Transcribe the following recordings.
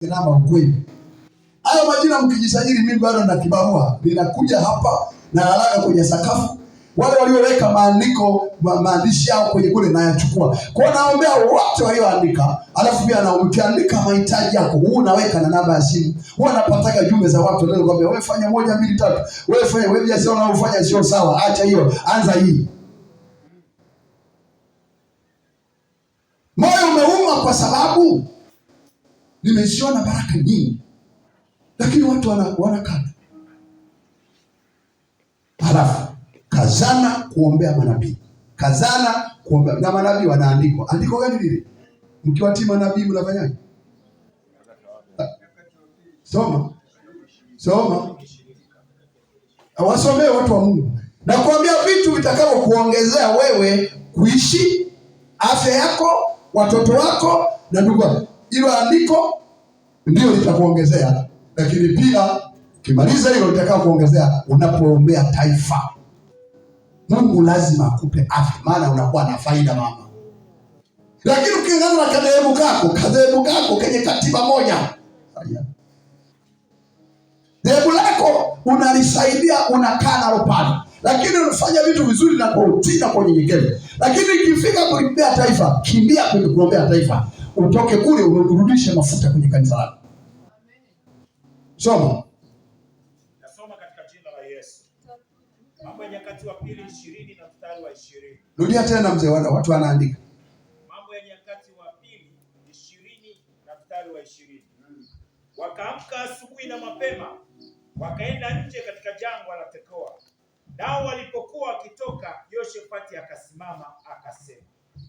Gharama ukweli. Hayo majina mkijisajili, mimi bado na kibarua ninakuja hapa na haraka kwenye sakafu. Wale walioweka maandiko ma, maandishi yao kwenye kule nayachukua. Kwa hiyo naombea wote walioandika, alafu pia na ukiandika mahitaji yako, huu unaweka na namba ya simu. Huwa napataga jumbe za watu ndio kwambia wewe fanya moja mbili tatu. Wewe fanya wewe biashara unayofanya sio sawa. Acha hiyo, anza hii. Moyo umeuma kwa sababu nimeziona baraka nyingi, lakini watu wanakata. Halafu kazana kuombea manabii, kazana kuombea na manabii wanaandikwa. Andiko gani lile? Mkiwatii manabii mnafanyaje? Soma, soma, wasomee watu wa Mungu na kuambia vitu vitakavyokuongezea wewe kuishi, afya yako, watoto wako na ndugu hilo andiko ndio litakuongezea, lakini pia ukimaliza hilo litakao kuongezea unapoombea taifa. Mungu lazima akupe afya, maana unakuwa na faida mama. Lakini ukingana na kadhehebu kako, kadhehebu kako kenye katiba moja, dhehebu lako unalisaidia, unakaa nalo pale, lakini unafanya vitu vizuri na kwa utii na kwa unyenyekevu, lakini ikifika kulimbea taifa, kimbia kwenye kuombea taifa utoke kule urudishe mafuta kwenye kanisa lako. Soma. Nasoma katika jina la Yesu. Mambo ya Nyakati wa Pili 20 na mstari wa 20. Rudia tena mzee, wana watu wanaandika. Mambo ya Nyakati wa Pili 20 na mstari wa 20. Wakaamka asubuhi na mapema, wakaenda nje katika jangwa la Tekoa. Nao walipokuwa wakitoka, Yoshefati akasimama akasema,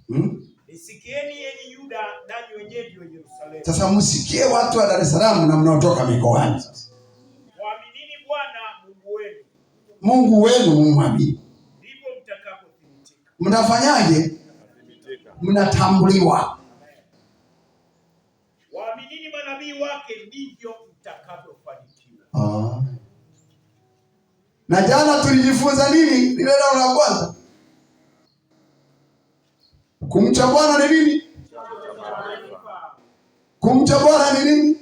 hmm? Nisikieni enyi Yuda, nanyi Yerusalemu. Sasa msikie watu wa Dar es Salaam na mnaotoka mikoani. Sasa mwaminini Bwana Mungu wenu, Mungu wenu mumwamini, ndipo mtakapothibitika. Mnafanyaje? Mnatambuliwa. Waaminini manabii wake, ndivyo mtakavyofanikiwa. Ah. Na jana tulijifunza nini? Lile neno la kwanza Kumcha Bwana ni nini? Kumcha Bwana ni nini?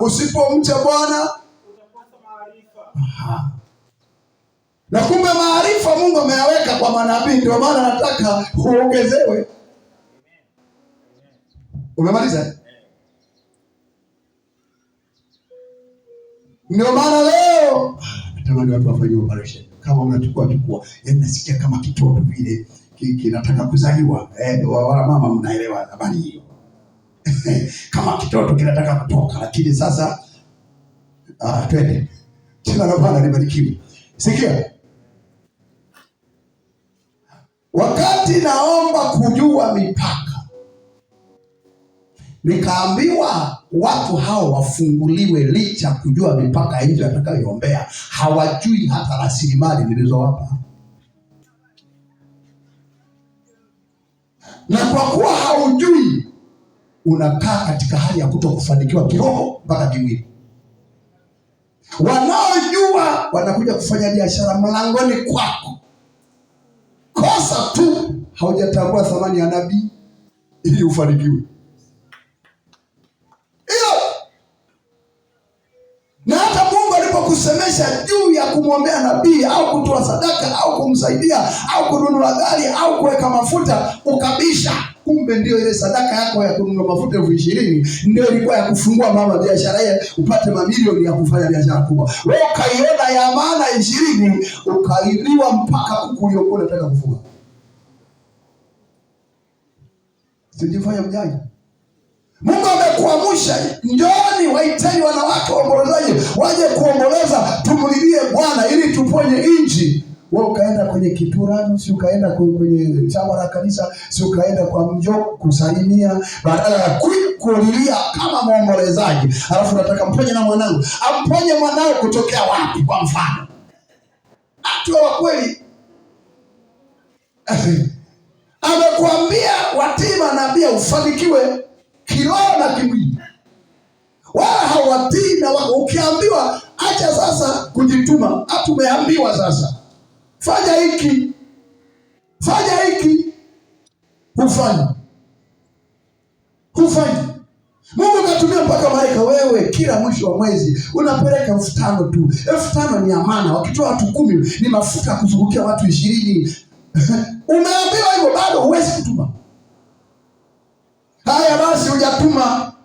Usipomcha Bwana na kumbe maarifa Mungu ameyaweka kwa manabii, ndio maana nataka uongezewe. Umemaliza? Ndio maana leo ah, natamani watu wafanye operation, kama unachukua chukua, yaani nasikia kama kitoto vile kinataka kuzaliwa eh, wala mama, mnaelewa habari hiyo kama kitoto kinataka kutoka, lakini sasa ah, twende jina la Bwana libarikiwe. Sikia, wakati naomba kujua mipaka, nikaambiwa watu hao wafunguliwe, licha kujua mipaka ya nchi watakayoiombea, hawajui hata rasilimali nilizowapa. na kwa kuwa haujui, unakaa katika hali ya kuto kufanikiwa kiroho mpaka kimwili. Wanaojua wanakuja kufanya biashara mlangoni kwako, kosa tu haujatambua thamani ya nabii ili ufanikiwe. kusemesha juu ya kumwombea nabii au kutoa sadaka au kumsaidia au kununua gari au kuweka mafuta ukabisha. Kumbe ndio ile sadaka yako ya kununua mafuta elfu ishirini ndio ilikuwa ya kufungua mama biashara yeye upate mamilioni ya kufanya biashara kubwa. Wewe ukaiona ya maana ishirini ukailiwa mpaka kuku uliokuwa unataka kufuga. Sijifanya mjaji, Mungu amekuamsha, njooni waiteni wanawake wa waje kuomboleza, tumlilie Bwana ili tuponye nchi. Wewe ukaenda kwenye kiturano, si ukaenda kwenye chama la kanisa, si ukaenda kwa mjo kusalimia, badala ya kulilia kama mwombolezaji, alafu nataka mponye na mwanangu. Amponye mwanao kutokea wapi? Kwa mfano wa kweli amekuambia watima, naambia ufanikiwe kiroho na kimwili watii na wako. Ukiambiwa acha sasa kujituma, hata ah, umeambiwa sasa fanya hiki fanya hiki, hufanyi hufanyi. Mungu katumia mpaka malaika. Wewe kila mwisho wa mwezi unapeleka elfu tano tu. Elfu tano ni amana, wakitoa watu kumi ni mafuta ya kuzungukia watu ishirini. Umeambiwa hivyo, bado huwezi kutuma. Haya basi, hujatuma